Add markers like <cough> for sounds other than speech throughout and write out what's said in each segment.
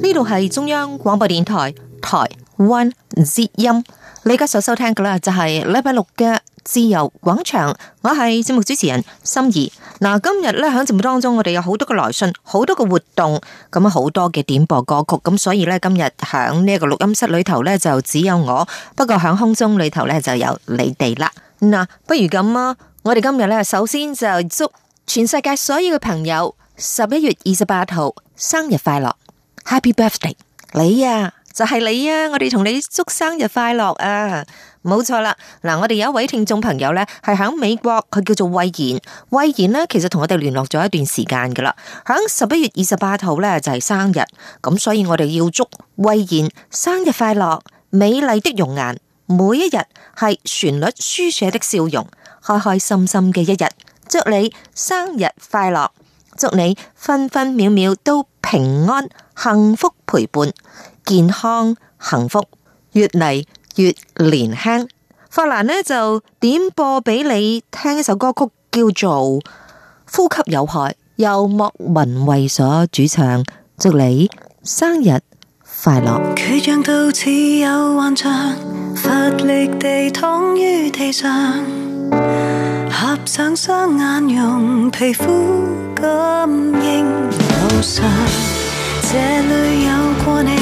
呢度係中央廣播電台台灣之音，你而家所收聽嘅咧就係禮拜六嘅自由廣場，我係節目主持人心怡。今日呢，喺節目當中我們，我哋有好多嘅來信，好多嘅活動，咁好多嘅點播歌曲，咁所以呢，今日響呢個錄音室裏頭呢，就只有我，不過響空中裏頭呢，就有你哋啦。嗱，不如咁啊，我哋今日呢，首先就祝全世界所有嘅朋友十一月二十八號生日快樂。Happy birthday！你呀、啊，就係、是、你呀、啊。我哋同你祝生日快樂啊！冇錯啦，嗱，我哋有一位聽眾朋友咧，係喺美國，佢叫做惠賢。惠賢咧，其實同我哋聯絡咗一段時間噶啦，喺十一月二十八號咧就係、是、生日，咁所以我哋要祝惠賢生日快樂。美麗的容顏，每一日係旋律書寫的笑容，開開心心嘅一日，祝你生日快樂。祝你分分秒秒都平安幸福陪伴，健康幸福，越嚟越年輕。法蘭呢就點播俾你聽一首歌曲，叫做《呼吸有害》，由莫文蔚所主唱。祝你生日快樂。佢到似有幻象，乏力地躺於地上。合上雙眼，用皮膚感應無常，這裡有過你，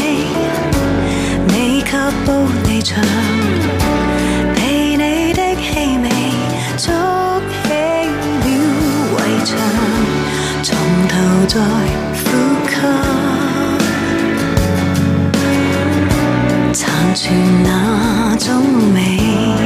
你，未及步離場，被你的氣味築起了圍牆，從頭再呼吸，殘存那種美。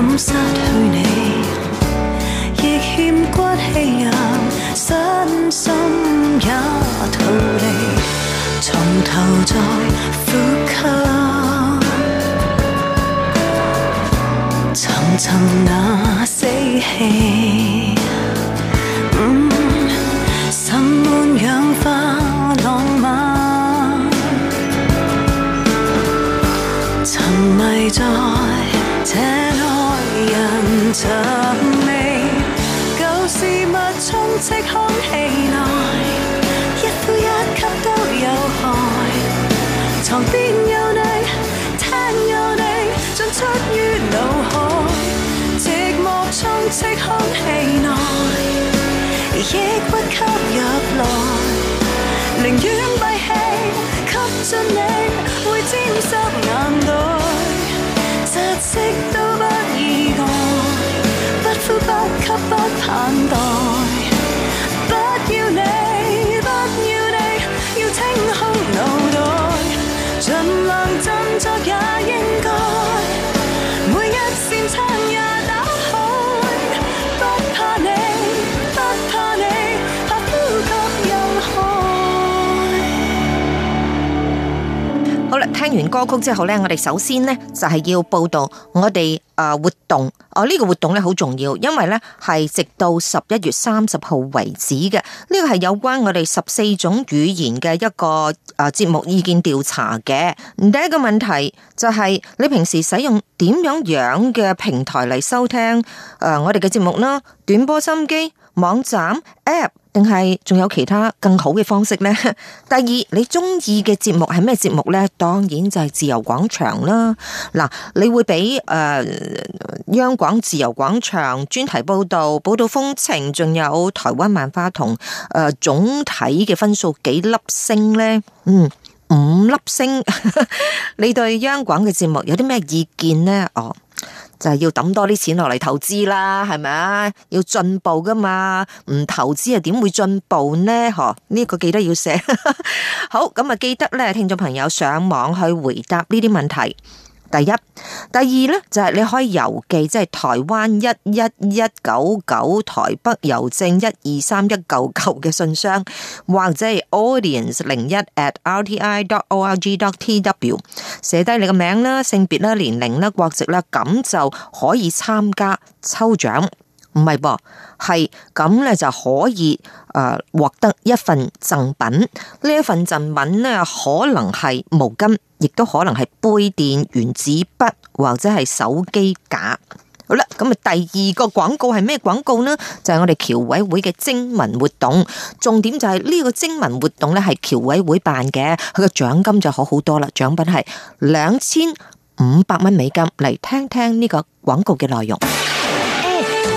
敢失去你，亦欠骨氣呀，身心也逃離，從頭再呼吸，層層那死氣。色空氣內，亦不吸入來，寧願閉氣，吸進你。會沾濕眼袋，窒息都不意外，不呼不吸不坦待。聽完歌曲之後呢，我哋首先呢就係要報道我哋誒活動哦。呢個活動呢好重要，因為呢係直到十一月三十號為止嘅。呢個係有關我哋十四種語言嘅一個誒節目意見調查嘅。第一個問題就係你平時使用點樣樣嘅平台嚟收聽誒我哋嘅節目啦？短波收音機。網站、App 定係仲有其他更好嘅方式呢？第二，你中意嘅節目係咩節目呢？當然就係自由廣場啦。嗱，你會俾誒、呃、央廣自由廣場專題報道、報道風情，仲有台灣漫畫同誒總體嘅分數幾粒星呢？嗯，五粒星。 <laughs> 你對央廣嘅節目有啲咩意見呢？哦。就係要抌多啲錢落嚟投資啦，係咪啊？要進步噶嘛，唔投資又點會進步呢？嗬、哦，呢、這個記得要寫。 <laughs> 好，咁啊，記得咧，聽眾朋友上網去回答呢啲問題。第一、第二咧，就係你可以郵寄，即係台灣一一一九九台北郵政一二三一九九嘅信箱，或者係 audience 零一 @rti.org.tw，寫低你嘅名啦、性別啦、年齡啦、國籍啦，咁就可以參加抽獎。唔係噃，係咁咧就可以誒獲得一份贈品。呢一份贈品咧，可能係毛巾，亦都可能係杯墊、原子筆或者係手機架。好啦，咁啊第二個廣告係咩廣告呢？就係、是、我哋僑委會嘅徵文活動。重點就係呢個徵文活動咧係僑委會辦嘅，佢個獎金就好好多啦。獎品係兩千五百蚊美金。嚟聽聽呢個廣告嘅內容。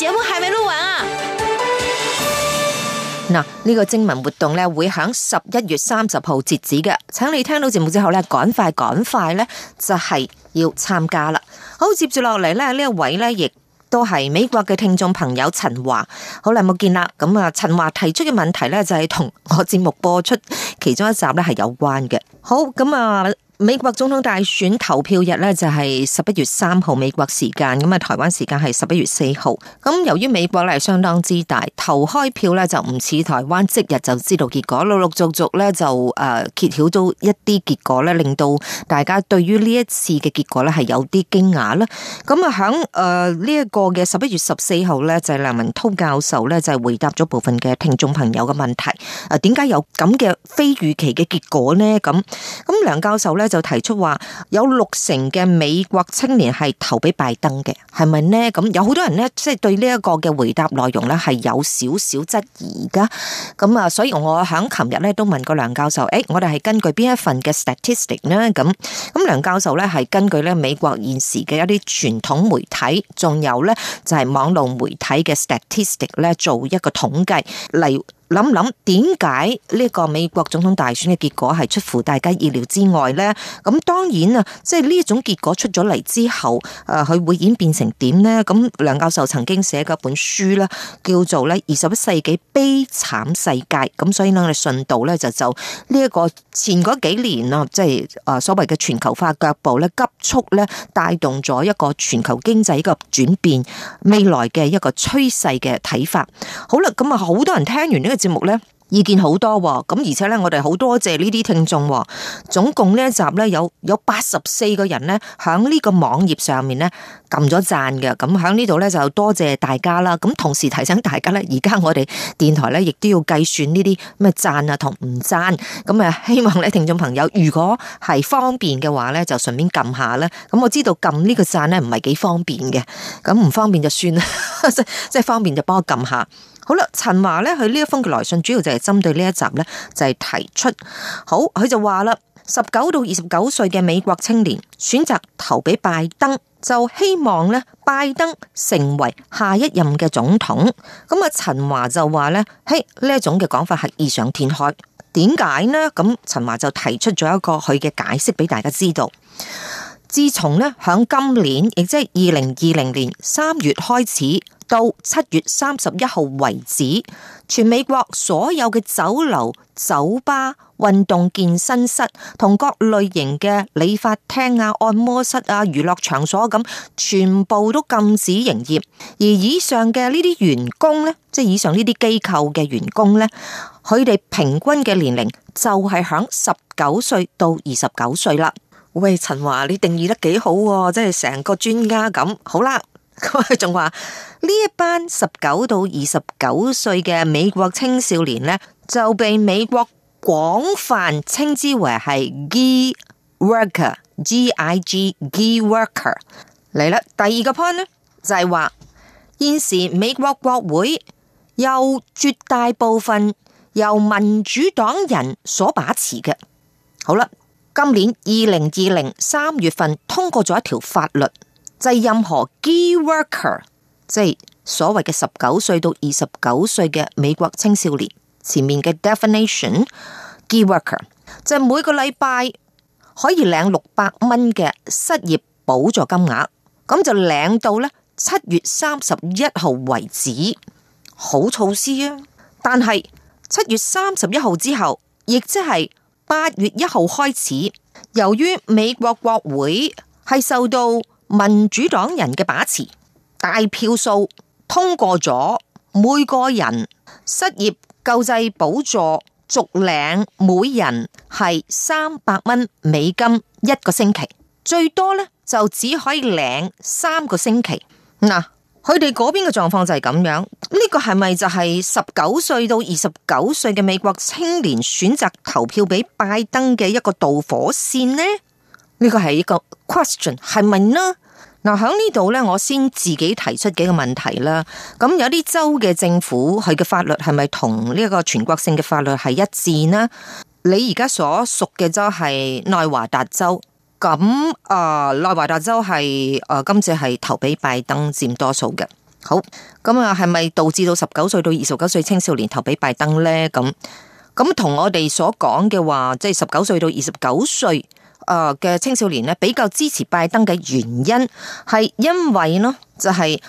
節目係咪錄完啊？嗱，呢個徵文活動咧會喺十一月三十號截止嘅，請你聽到節目之後呢趕快、趕快呢就係要參加啦。好，接住落嚟咧，呢一位呢，亦都係美國嘅聽眾朋友陳華，好耐冇見啦。咁啊，陳華提出嘅問題呢，就係同我節目播出其中一集呢係有關嘅。好，咁、嗯、啊。美國總統大選投票日咧就係十一月三號美國時間，咁啊台灣時間係十一月四號。咁由於美國咧相當之大，投開票咧就唔似台灣即日就知道結果，陸陸續續咧就誒揭曉咗一啲結果咧，令到大家對於呢一次嘅結果咧係有啲驚訝啦。咁啊響誒呢一個嘅十一月十四號咧，就係梁文韜教授咧就係回答咗部分嘅聽眾朋友嘅問題。啊，點解有咁嘅非預期嘅結果咧？咁咁梁教授咧？就提出話有六成嘅美國青年係投俾拜登嘅，係咪呢？咁有好多人呢，即係對呢一個嘅回答內容呢，係有少少質疑噶。咁啊，所以我響琴日呢，都問過梁教授，誒、哎，我哋係根據邊一份嘅 statistics 呢？咁咁梁教授呢，係根據咧美國現時嘅一啲傳統媒體，仲有呢就係網絡媒體嘅 statistics 咧，做一個統計，例諗諗點解呢個美國總統大選嘅結果係出乎大家意料之外呢？咁當然啊，即係呢種結果出咗嚟之後，誒，佢會演變成點呢？咁梁教授曾經寫過本書啦，叫做咧《二十一世紀悲慘世界》咁，所以呢，我哋順道咧就就呢一個前嗰幾年啊，即係啊所謂嘅全球化腳步咧，急速咧帶動咗一個全球經濟嘅轉變，未來嘅一個趨勢嘅睇法。好啦，咁啊，好多人聽完呢、這個。節目咧意見好多，哦，咁而且咧我哋好多謝呢啲聽眾，哦，總共呢一集咧有有八十四個人咧響呢個網頁上面咧撳咗讚嘅，咁喺，嗯、呢度咧就多謝大家啦。咁，嗯、同時提醒大家咧，而家我哋電台咧亦都要計算呢啲咩讚啊同唔讚，咁，嗯、啊希望咧聽眾朋友如果係方便嘅話咧就順便撳下啦。咁，嗯、我知道撳呢個讚咧唔係幾方便嘅，咁，嗯、唔方便就算啦， <laughs> 即係即係方便就幫我撳下。好啦，陳華呢，佢呢一封嘅來信主要就係針對呢一集呢，就係、是、提出。好，佢就話啦，十九到二十九歲嘅美國青年選擇投俾拜登，就希望呢拜登成為下一任嘅總統。咁、嗯、啊，陳華就話呢，嘿，呢一種嘅講法係異想天開。點解呢？咁陳華就提出咗一個佢嘅解釋俾大家知道。自從呢，響今年，亦即係二零二零年三月開始。到七月三十一號為止，全美國所有嘅酒樓、酒吧、運動健身室同各類型嘅理髮廳啊、按摩室啊、娛樂場所咁，全部都禁止營業。而以上嘅呢啲員工呢，即係以上呢啲機構嘅員工呢，佢哋平均嘅年齡就係響十九歲到二十九歲啦。喂，陳華，你定義得幾好喎？即係成個專家咁。好啦。佢仲話呢一班十九到二十九歲嘅美國青少年呢，就被美國廣泛稱之為係 gig worker（G.I.G. gig worker）。嚟啦、er，第二個 point 呢就係、是、話，現時美國國會有絕大部分由民主黨人所把持嘅。好啦，今年二零二零三月份通過咗一條法律。制任何 ge worker，即係所謂嘅十九歲到二十九歲嘅美國青少年，前面嘅 definition ge worker，就每個禮拜可以領六百蚊嘅失業補助金額，咁就領到咧七月三十一號為止，好措施啊！但係七月三十一號之後，亦即係八月一號開始，由於美國國會係受到民主黨人嘅把持，大票數通過咗。每個人失業救濟補助續領，每人係三百蚊美金一個星期，最多呢就只可以領三個星期。嗱，佢哋嗰邊嘅狀況就係咁樣。呢個係咪就係十九歲到二十九歲嘅美國青年選擇投票俾拜登嘅一個導火線呢？呢個係一個 question，係咪呢？嗱，喺呢度呢，我先自己提出幾個問題啦。咁有啲州嘅政府，佢嘅法律係咪同呢個全國性嘅法律係一致呢？你而家所屬嘅州係內華達州，咁啊、呃，內華達州係啊、呃，今次係投俾拜登佔多數嘅。好，咁啊，係咪導致到十九歲到二十九歲青少年投俾拜登呢？咁咁同我哋所講嘅話，即係十九歲到二十九歲。誒嘅青少年呢，比較支持拜登嘅原因係因為呢，就係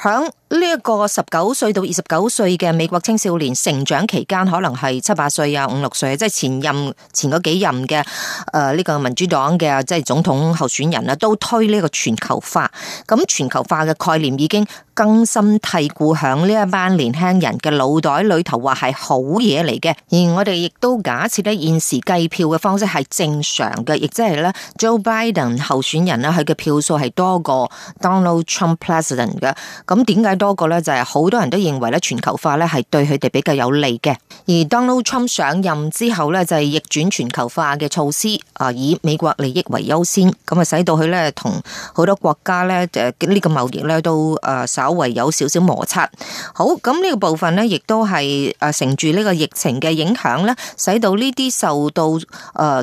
響。呢一個十九歲到二十九歲嘅美國青少年成長期間，可能係七八歲啊，五六歲，即係前任前幾任嘅誒呢個民主黨嘅即係總統候選人啊都推呢個全球化。咁全球化嘅概念已經根深蒂固，響呢一班年輕人嘅腦袋裏頭話係好嘢嚟嘅。而我哋亦都假設咧，現時計票嘅方式係正常嘅，亦即係咧，Joe Biden 候選人咧佢嘅票數係多過 Donald Trump President 嘅。咁點解？多個咧就係好多人都認為咧全球化咧係對佢哋比較有利嘅，而 Donald Trump 上任之後咧就係逆轉全球化嘅措施，啊以美國利益為優先，咁啊使到佢咧同好多國家咧誒呢個貿易咧都誒稍為有少少摩擦。好，咁呢個部分咧亦都係誒承住呢個疫情嘅影響咧，使到呢啲受到誒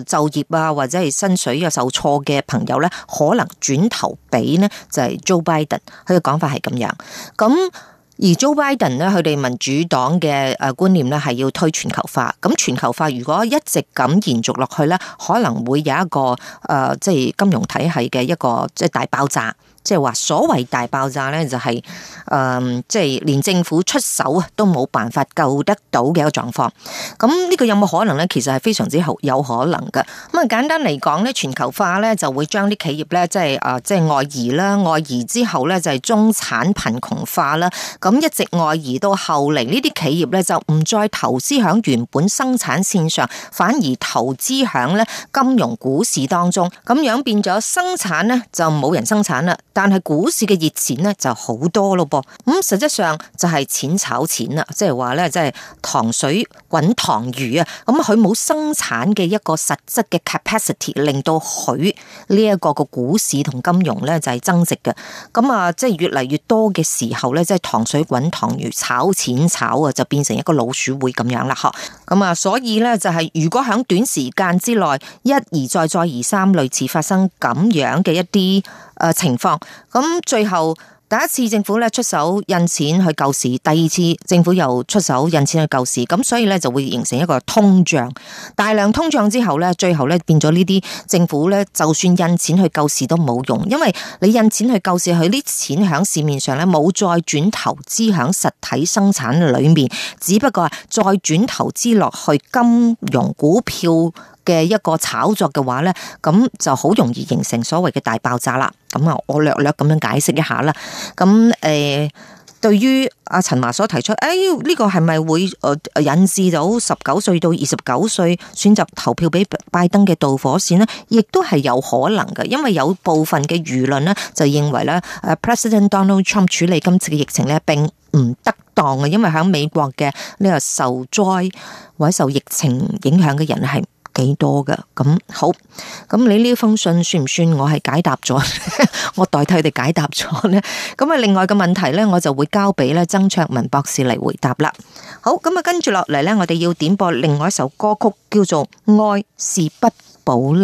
就業啊或者係薪水又受挫嘅朋友咧，可能轉投俾呢就係 Joe Biden，佢嘅講法係咁樣。咁而 Joe Biden 咧，佢哋民主黨嘅誒觀念咧，係要推全球化。咁全球化如果一直咁延續落去咧，可能會有一個誒，即係金融體系嘅一個即係大爆炸。即係話所謂大爆炸咧，就是嗯，就係誒，即係連政府出手啊，都冇辦法救得到嘅一個狀況。咁呢個有冇可能咧？其實係非常之好有可能㗎。咁啊，簡單嚟講咧，全球化咧就會將啲企業咧，即係誒，即係外移啦，外移之後咧就係中產貧窮化啦。咁一直外移到後嚟，呢啲企業咧就唔再投資響原本生產線上，反而投資響咧金融股市當中，咁樣變咗生產咧就冇人生產啦。但係股市嘅熱錢咧就好多咯噃，咁實質上就係錢炒錢啦，即係話咧，即係糖水滾糖魚啊，咁佢冇生產嘅一個實質嘅 capacity，令到佢呢一個個股市同金融咧就係增值嘅。咁啊，即係越嚟越多嘅時候咧，即係糖水滾糖魚炒錢炒啊，就變成一個老鼠會咁樣啦，吓。咁啊，所以咧就係如果喺短時間之內一而再再而三類似發生咁樣嘅一啲情況，咁最後第一次政府咧出手印錢去救市，第二次政府又出手印錢去救市，咁所以咧就會形成一個通脹，大量通脹之後咧，最後咧變咗呢啲政府咧，就算印錢去救市都冇用，因為你印錢去救市，佢啲錢喺市面上咧冇再轉投資喺實體生產裏面，只不過係再轉投資落去金融股票。嘅一個炒作嘅話咧，咁就好容易形成所謂嘅大爆炸啦。咁啊，我略略咁樣解釋一下啦。咁誒、呃，對於阿陳華所提出，誒、哎、呢、這個係咪會引致到十九歲到二十九歲選擇投票俾拜登嘅導火線呢？亦都係有可能嘅，因為有部分嘅輿論呢，就認為咧，President Donald Trump 處理今次嘅疫情呢，並唔得當嘅，因為喺美國嘅呢個受災或者受疫情影響嘅人係幾多噶？咁好，咁你呢封信算唔算我係解答咗？ <laughs> 我代替佢哋解答咗咧。咁啊，另外嘅問題呢，我就會交俾咧曾卓文博士嚟回答啦。好，咁啊，跟住落嚟呢，我哋要點播另外一首歌曲，叫做《愛是不保留》。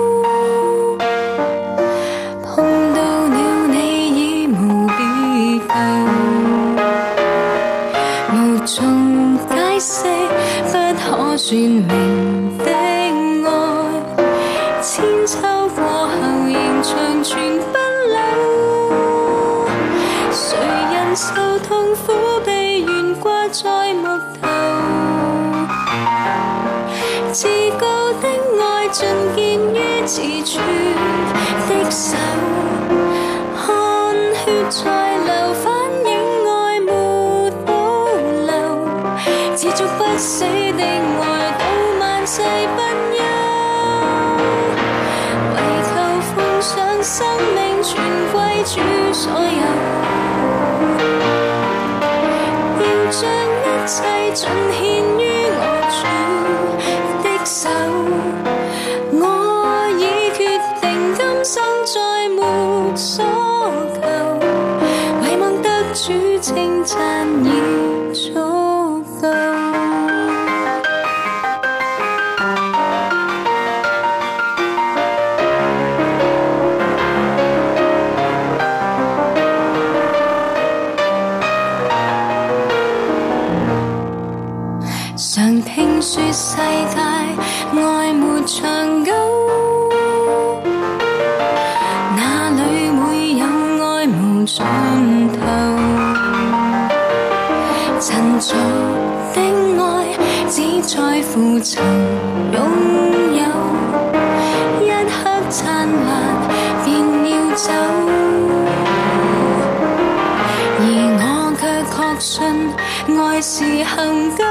全能的愛，千秋過後仍長存不朽。誰人受痛苦被懸掛在木頭？自告的愛盡見於此。不死的愛到萬世不休，為求奉上生命，全歸主所有，要將一切盡獻。做的愛只在乎曾擁有，一刻燦爛便要走，而我卻確信愛是恒久。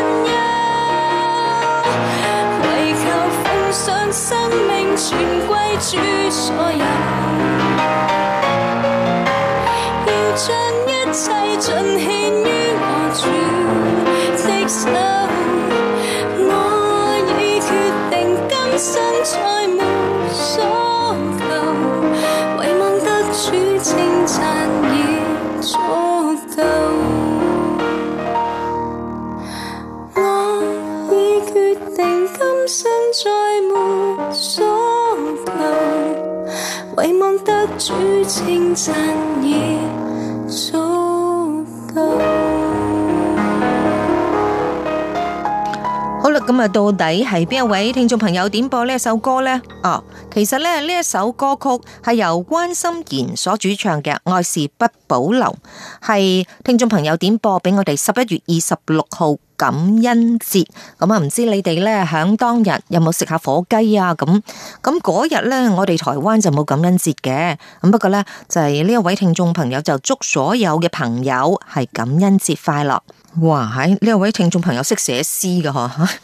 生命全歸主所有，要將一切盡獻於我主，好啦，咁啊，到底係邊一位聽眾朋友點播呢一首歌咧？哦，其實咧呢一首歌曲係由關心妍所主唱嘅《愛是不保留》，係聽眾朋友點播俾我哋十一月二十六號。感恩節。咁啊，唔知你哋呢響當日有冇食下火雞啊？咁咁嗰日呢，那那我哋台灣就冇感恩節嘅咁。不過呢，就係呢一位聽眾朋友就祝所有嘅朋友係感恩節快樂。哇！呢一位聽眾朋友識寫詩㗎，嗬 <laughs>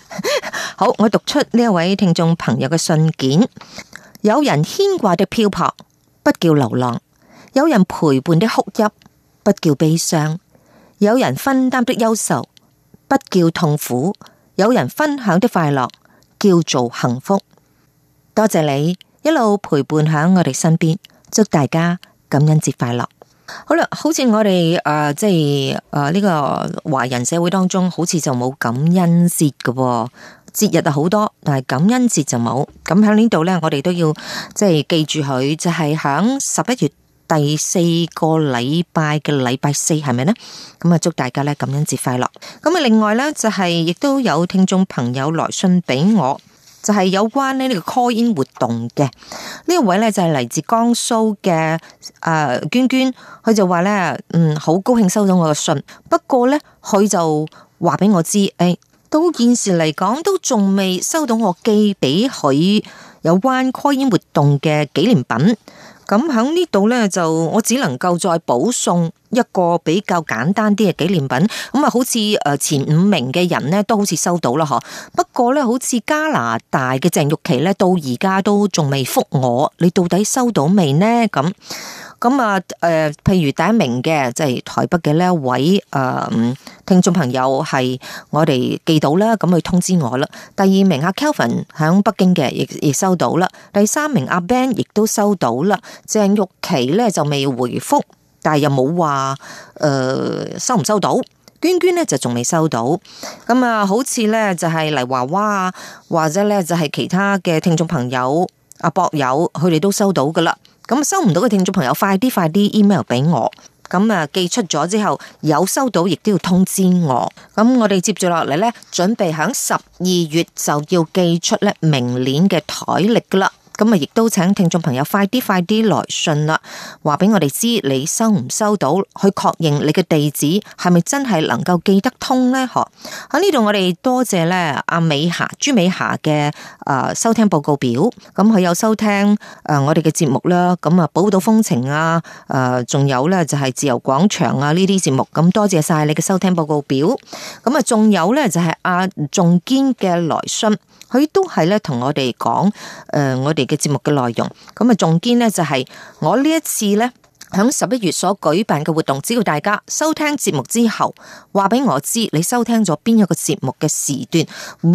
好，我讀出呢一位聽眾朋友嘅信件。有人牽掛的漂泊不叫流浪，有人陪伴的哭泣不叫悲傷，有人分擔的憂愁。不叫痛苦，有人分享的快樂叫做幸福。多謝你一路陪伴喺我哋身邊，祝大家感恩節快樂。好啦，好似我哋誒，即係誒呢個華人社會當中，好似就冇感恩節嘅節日啊，好多，但係感恩節就冇。咁喺呢度呢，我哋都要即係、就是、記住佢，就係喺十一月，第四個禮拜嘅禮拜四係咪呢？咁啊，祝大家咧感恩節快樂。咁啊，另外呢、就是，就係亦都有聽眾朋友來信俾我，就係、是、有關咧呢個 call in 活動嘅。呢、這、一、個、位呢，就係嚟自江蘇嘅娟娟，佢就話呢，嗯，好高興收到我嘅信。不過呢，佢就話俾我知，誒、哎，到現時嚟講都仲未收到我寄俾佢有關 call in 活動嘅紀念品。咁喺呢度呢，就我只能夠再補送一個比較簡單啲嘅紀念品。咁啊，好似誒前五名嘅人呢，都好似收到啦，嗬。不過呢，好似加拿大嘅鄭玉琪呢，到而家都仲未復我，你到底收到未呢？咁。咁啊，誒、呃，譬如第一名嘅即係台北嘅呢一位誒、呃、聽眾朋友係我哋寄到啦，咁佢通知我啦。第二名阿 Kelvin 喺北京嘅，亦亦收到啦。第三名阿 Ben 亦都收到啦。鄭玉琪咧就未回覆，但係又冇話誒收唔收到。娟娟咧就仲未收到。咁啊，好似咧就係、是、黎華華，啊，或者咧就係、是、其他嘅聽眾朋友阿博友，佢哋都收到噶啦。咁收唔到嘅聽眾朋友，快啲快啲 email 俾我。咁啊寄出咗之後，有收到亦都要通知我。咁我哋接住落嚟呢準備喺十二月就要寄出呢明年嘅台曆噶啦。咁啊，亦都請聽眾朋友快啲快啲來信啦，話俾我哋知你收唔收到，去確認你嘅地址係咪真係能夠寄得通咧？嗬！喺呢度我哋多謝咧阿美霞朱美霞嘅誒收聽報告表，咁佢有收聽誒我哋嘅節目啦，咁啊，寶島風情啊，誒，仲有咧就係自由廣場啊呢啲節目，咁多謝晒你嘅收聽報告表。咁啊，仲有咧就係阿仲堅嘅來信。佢都係咧同我哋講，誒、呃，我哋嘅節目嘅內容，咁啊，仲兼咧就係我呢一次咧。喺十一月所舉辦嘅活動，只要大家收聽節目之後，話俾我知你收聽咗邊一個節目嘅時段，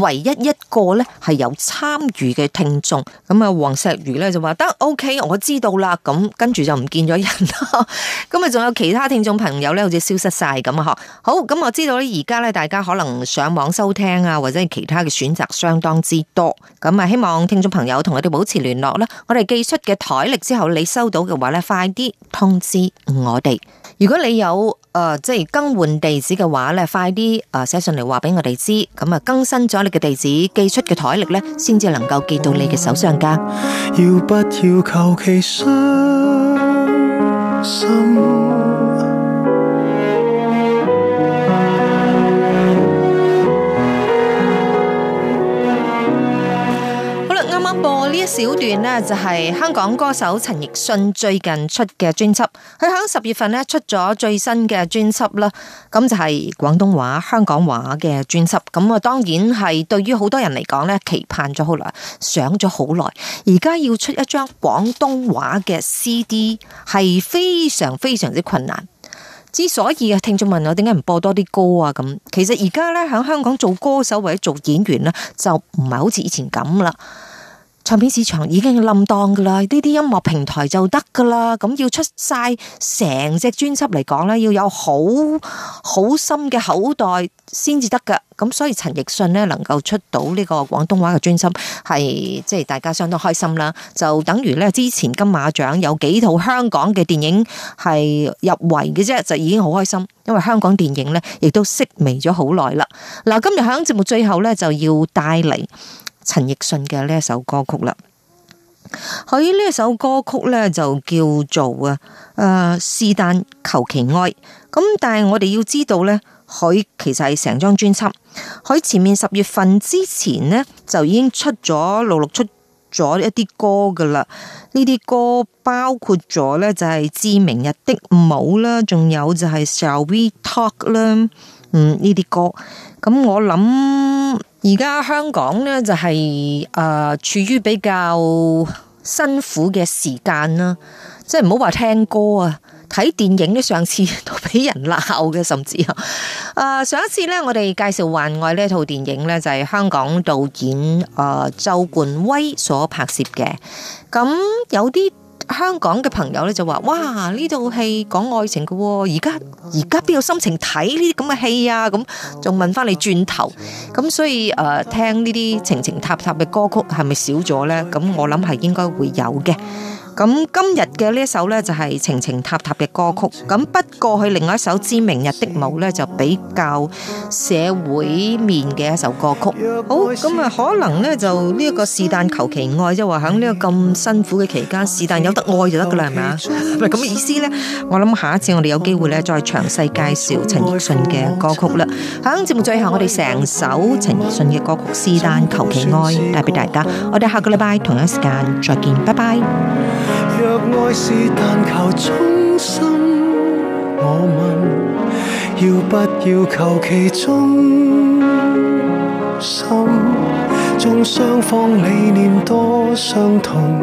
唯一一個咧係有參與嘅聽眾。咁啊，黃石魚咧就話得 OK，我知道啦。咁跟住就唔見咗人啦。咁啊，仲有其他聽眾朋友咧，好似消失晒咁啊！嗬，好，咁我知道咧，而家咧大家可能上網收聽啊，或者係其他嘅選擇相當之多。咁啊，希望聽眾朋友同我哋保持聯絡啦。我哋寄出嘅台曆之後，你收到嘅話咧，快啲。通知我哋，如果你有誒、呃、即係更換地址嘅話咧，快啲誒寫上嚟，話俾我哋知，咁啊更新咗你嘅地址，寄出嘅台曆咧先至能夠寄到你嘅手上噶。要不要求其傷心。一小段呢，就係香港歌手陳奕迅最近出嘅專輯，佢響十月份呢，出咗最新嘅專輯啦，咁就係廣東話、香港話嘅專輯。咁啊，當然係對於好多人嚟講呢，期盼咗好耐，想咗好耐，而家要出一張廣東話嘅 CD，係非常非常之困難。之所以啊，聽眾問我點解唔播多啲歌啊，咁其實而家呢，響香港做歌手或者做演員呢，就唔係好似以前咁啦。唱片市場已經冧檔噶啦，呢啲音樂平台就得噶啦。咁要出晒成隻專輯嚟講咧，要有好好深嘅口袋先至得噶。咁所以陳奕迅呢，能夠出到呢個廣東話嘅專輯，係即係大家相當開心啦。就等於咧之前金馬獎有幾套香港嘅電影係入圍嘅啫，就已經好開心。因為香港電影咧亦都式微咗好耐啦。嗱，今日響節目最後咧就要帶嚟。陳奕迅嘅呢一首歌曲啦，佢呢一首歌曲咧就叫做啊，誒是但求其愛。咁、嗯、但係我哋要知道咧，佢其實係成張專輯。佢前面十月份之前咧就已經出咗陸續出咗一啲歌噶啦。呢啲歌包括咗咧就係、是《致明日的舞》啦，仲有就係、是《Shall We Talk》啦，嗯呢啲歌。咁我諗而家香港咧就係、是、誒、呃、處於比較辛苦嘅時間啦，即係唔好話聽歌啊，睇電影咧上次都俾人鬧嘅，甚至啊、呃、上一次咧我哋介紹《幻愛》呢套電影咧就係、是、香港導演誒、呃、周冠威所拍攝嘅，咁有啲。香港嘅朋友咧就話：哇，呢套戲講愛情嘅，而家而家邊有心情睇呢啲咁嘅戲啊？咁，仲問翻你轉頭，咁所以誒、呃，聽呢啲情情塔塔嘅歌曲係咪少咗呢？咁我諗係應該會有嘅。咁今日嘅呢一首咧就係情情塔塔嘅歌曲，咁不過佢另外一首知名日的舞咧就比較社會面嘅一首歌曲。好，咁啊可能咧就呢一個是但求其愛，即係話喺呢個咁辛苦嘅期間，是但有得愛就得噶啦，係咪？唔係咁嘅意思咧。我諗下一次我哋有機會咧再詳細介紹陳奕迅嘅歌曲啦。響節目最後，我哋成首陳奕迅嘅歌曲《是但求其愛》帶俾大家。我哋下個禮拜同一時間再見，拜拜。若愛是但求衷心，我問要不要求其忠心？縱雙方理念多相同，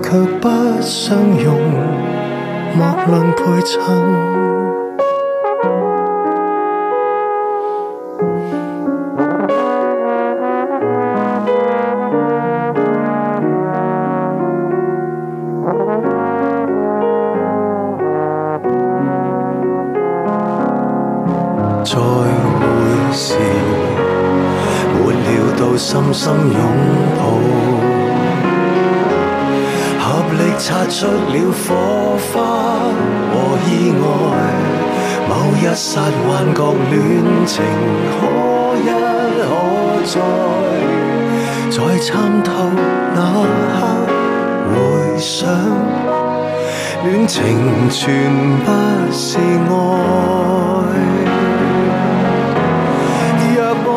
卻不相容，莫論配襯。深擁抱，合力擦出了火花和意外。某一剎幻覺，戀情可一可再，再參透那刻，回想，戀情全不是愛。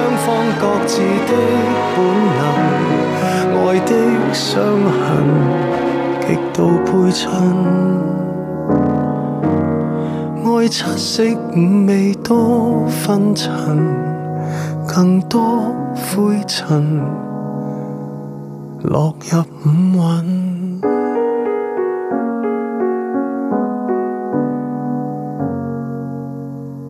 雙方各自的本能，愛的傷痕，極度配襯。愛七色五味多紛陳，更多灰塵落入五蘊。